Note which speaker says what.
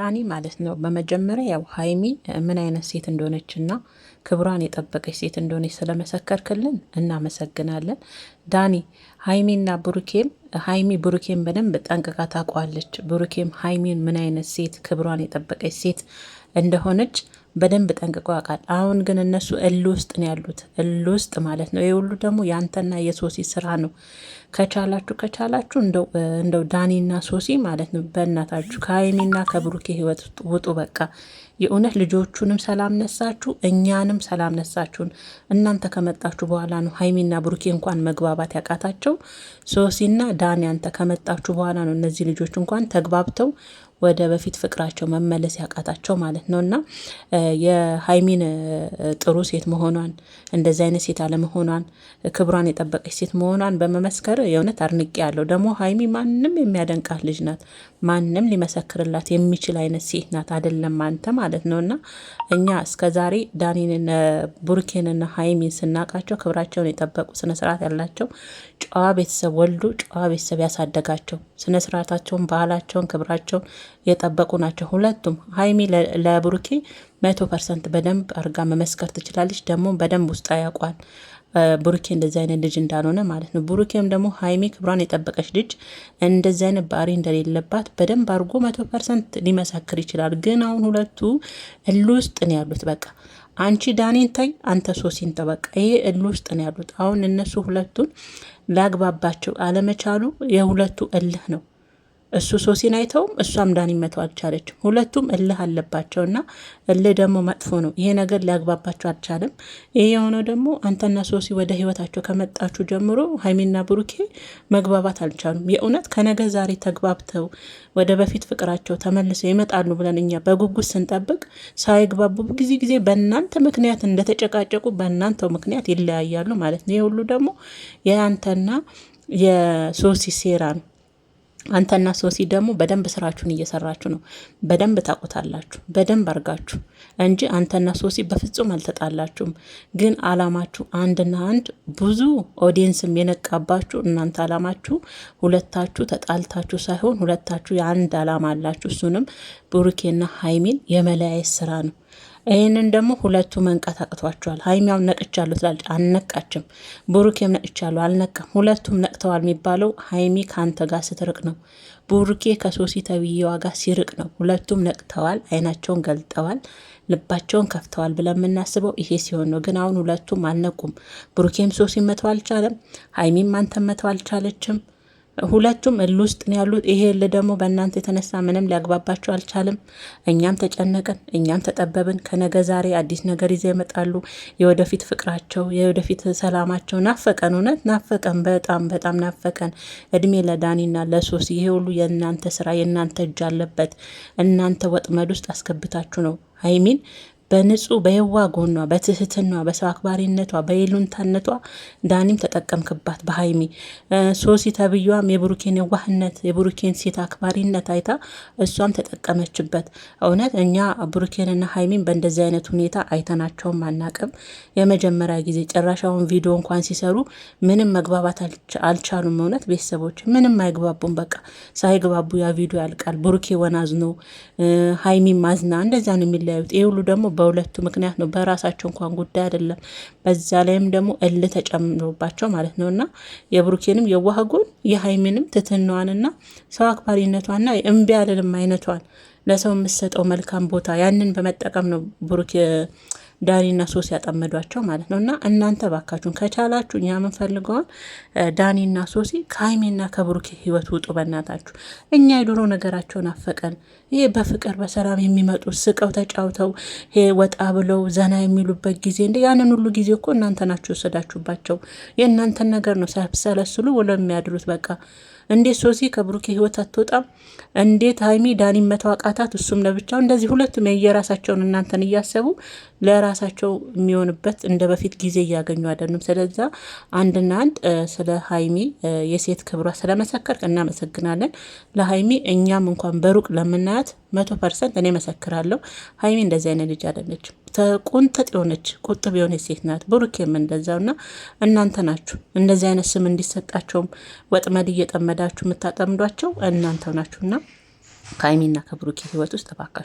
Speaker 1: ራኒ ማለት ነው። በመጀመሪያ ያው ሀይሚ ምን አይነት ሴት እንደሆነች እና ክብሯን የጠበቀች ሴት እንደሆነች ስለመሰከርክልን እናመሰግናለን። ዳኒ ሀይሚና ብሩኬም ሀይሚ ቡሩኬም በደንብ ጠንቅቃ ታውቋለች። ብሩኬም ሀይሚን ምን አይነት ሴት ክብሯን የጠበቀች ሴት እንደሆነች በደንብ ጠንቅቆ ያውቃል። አሁን ግን እነሱ እል ውስጥ ነው ያሉት፣ እል ውስጥ ማለት ነው። ይህ ሁሉ ደግሞ የአንተና የሶሲ ስራ ነው። ከቻላችሁ ከቻላችሁ እንደው ዳኒና ሶሲ ማለት ነው በእናታችሁ ከሀይሚና ከብሩኬ ህይወት ውጡ። በቃ የእውነት ልጆቹንም ሰላም ነሳችሁ፣ እኛንም ሰላም ነሳችሁን። እናንተ ከመጣችሁ በኋላ ነው ሀይሚና ብሩኬ እንኳን መግባባት ያቃታቸው። ሶሲና ዳኒ አንተ ከመጣችሁ በኋላ ነው እነዚህ ልጆች እንኳን ተግባብተው ወደ በፊት ፍቅራቸው መመለስ ያቃታቸው ማለት ነው። እና የሀይሚን ጥሩ ሴት መሆኗን እንደዚህ አይነት ሴት አለመሆኗን ክብሯን የጠበቀች ሴት መሆኗን በመመስከር ነገር የእውነት አድንቄ ያለው ደግሞ ሀይሚ ማንም የሚያደንቃት ልጅ ናት። ማንም ሊመሰክርላት የሚችል አይነት ሴት ናት። አይደለም አንተ ማለት ነው። እና እኛ እስከዛሬ ዳኒንን ቡርኬንና ሀይሚን ስናቃቸው ክብራቸውን የጠበቁ ስነስርዓት ያላቸው ጨዋ ቤተሰብ ወልዶ ጨዋ ቤተሰብ ያሳደጋቸው ስነስርዓታቸውን፣ ባህላቸውን፣ ክብራቸውን የጠበቁ ናቸው ሁለቱም። ሀይሚ ለቡርኬ መቶ ፐርሰንት በደንብ አርጋ መመስከር ትችላለች። ደግሞ በደንብ ውስጥ ያውቋል። ብሩኬ እንደዚህ አይነት ልጅ እንዳልሆነ ማለት ነው። ብሩኬም ደግሞ ሀይሚ ክብሯን የጠበቀች ልጅ እንደዚህ አይነት ባህሪ እንደሌለባት በደንብ አድርጎ መቶ ፐርሰንት ሊመሰክር ይችላል። ግን አሁን ሁለቱ እል ውስጥ ነው ያሉት። በቃ አንቺ ዳኔን ታይ፣ አንተ ሶሲን ተበቃ። ይሄ እል ውስጥ ነው ያሉት። አሁን እነሱ ሁለቱን ላግባባቸው አለመቻሉ የሁለቱ እልህ ነው። እሱ ሶሲን አይተውም፣ እሷም ዳን ይመተው አልቻለችም። ሁለቱም እልህ አለባቸው እና እልህ ደግሞ መጥፎ ነው። ይሄ ነገር ሊያግባባቸው አልቻለም። ይሄ የሆነው ደግሞ አንተና ሶሲ ወደ ህይወታቸው ከመጣችሁ ጀምሮ ሀይሚና ብሩኬ መግባባት አልቻሉም። የእውነት ከነገ ዛሬ ተግባብተው ወደ በፊት ፍቅራቸው ተመልሰው ይመጣሉ ብለን እኛ በጉጉት ስንጠብቅ ሳይግባቡ ጊዜ ጊዜ በእናንተ ምክንያት እንደተጨቃጨቁ በእናንተው ምክንያት ይለያያሉ ማለት ነው። ይህ ሁሉ ደግሞ የአንተና የሶሲ ሴራ ነው። አንተና ሶሲ ደግሞ በደንብ ስራችሁን እየሰራችሁ ነው። በደንብ ታቆታላችሁ፣ በደንብ አርጋችሁ እንጂ አንተና ሶሲ በፍጹም አልተጣላችሁም። ግን አላማችሁ አንድና አንድ ብዙ ኦዲየንስም የነቃባችሁ እናንተ አላማችሁ ሁለታችሁ ተጣልታችሁ ሳይሆን ሁለታችሁ የአንድ አላማ አላችሁ። እሱንም ብሩኬና ሀይሚን የመለያየት ስራ ነው። ይህንን ደግሞ ሁለቱ መንቀት አቅቷቸዋል። ሀይሚያም ነቅቻለሁ ትላለች፣ አልነቃችም። ብሩኬም ነቅቻለሁ፣ አልነቃም። ሁለቱም ነቅተዋል የሚባለው ሀይሚ ከአንተ ጋር ስትርቅ ነው፣ ብሩኬ ከሶሲ ተብዬዋ ጋር ሲርቅ ነው። ሁለቱም ነቅተዋል፣ አይናቸውን ገልጠዋል፣ ልባቸውን ከፍተዋል ብለን የምናስበው ይሄ ሲሆን ነው። ግን አሁን ሁለቱም አልነቁም። ብሩኬም ሶሲ መተው አልቻለም፣ ሀይሚም አንተ መተው አልቻለችም። ሁለቱም እል ውስጥ ነው ያሉት። ይሄ እል ደግሞ በእናንተ የተነሳ ምንም ሊያግባባቸው አልቻለም። እኛም ተጨነቅን፣ እኛም ተጠበብን። ከነገ ዛሬ አዲስ ነገር ይዘው ይመጣሉ። የወደፊት ፍቅራቸው፣ የወደፊት ሰላማቸው ናፈቀን፣ እውነት ናፈቀን፣ በጣም በጣም ናፈቀን። እድሜ ለዳኒና ለሶስ። ይሄ ሁሉ የእናንተ ስራ፣ የእናንተ እጅ አለበት። እናንተ ወጥመድ ውስጥ አስገብታችሁ ነው ሀይሚን በንጹህ በየዋ ጎኗ በትህትና በሰው አክባሪነቷ በየሉንታነቷ ዳኒም ተጠቀምክባት በሀይሚ ሶሲ ተብያዋም የብሩኬን የዋህነት የብሩኬን ሴት አክባሪነት አይታ እሷም ተጠቀመችበት። እውነት እኛ ብሩኬንና ሀይሚን በእንደዚህ አይነት ሁኔታ አይተናቸውም አናቅም። የመጀመሪያ ጊዜ ጨራሻውን ቪዲዮ እንኳን ሲሰሩ ምንም መግባባት አልቻሉም። እውነት ቤተሰቦች ምንም አይግባቡም። በቃ ሳይግባቡ ያ ቪዲዮ ያልቃል። ብሩኬ ወናዝ ነው ሀይሚም ማዝና እንደዚያ ነው የሚለያዩት። ይህ ሁሉ ደግሞ በሁለቱ ምክንያት ነው። በራሳቸው እንኳን ጉዳይ አይደለም። በዛ ላይም ደግሞ እልህ ተጨምሮባቸው ማለት ነው እና የብሩኬንም የዋህ ጎን የሀይሚንም ትትናዋንና ሰው አክባሪነቷና እምቢ አልልም አይነቷን ለሰው የምትሰጠው መልካም ቦታ ያንን በመጠቀም ነው ብሩኬ ዳኒና ሶስ ያጠመዷቸው ማለት ነው። እና እናንተ ባካችሁን ከቻላችሁ እኛ የምንፈልገውን ዳኒና ሶሲ ከሀይሜና ከብሩኬ ህይወት ውጡ በእናታችሁ። እኛ የድሮ ነገራቸውን አፈቀን። ይሄ በፍቅር በሰላም የሚመጡ ስቀው ተጫውተው ወጣ ብለው ዘና የሚሉበት ጊዜ እንደ ያንን ሁሉ ጊዜ እኮ እናንተ ናችሁ የወሰዳችሁባቸው። የእናንተን ነገር ነው ሰለስሉ ብለው የሚያድሩት በቃ እንዴት ሶሲ ከብሩኬ ህይወት አትወጣም? እንዴት ሀይሚ ዳኒ መተዋቃታት እሱም ለብቻው እንደዚህ ሁለቱም የየራሳቸውን እናንተን እያሰቡ ለራሳቸው የሚሆንበት እንደ በፊት ጊዜ እያገኙ አይደሉም። ስለዛ አንድና አንድ ስለ ሀይሚ የሴት ክብሯ ስለመሰከር እናመሰግናለን። ለሀይሚ እኛም እንኳን በሩቅ ለምናያት መቶ ፐርሰንት እኔ መሰክራለሁ። ሀይሚ እንደዚህ አይነት ልጅ አይደለችም። ተቆንጠጥ የሆነች ቁጥብ የሆነች ሴት ናት። ብሩኬም እንደዛው እና እናንተ ናችሁ እንደዚህ አይነት ስም እንዲሰጣቸውም ወጥመድ እየጠመዳችሁ የምታጠምዷቸው እናንተ ናችሁና ከሀይሚና ከብሩኬ ህይወት ውስጥ ተባካችሁ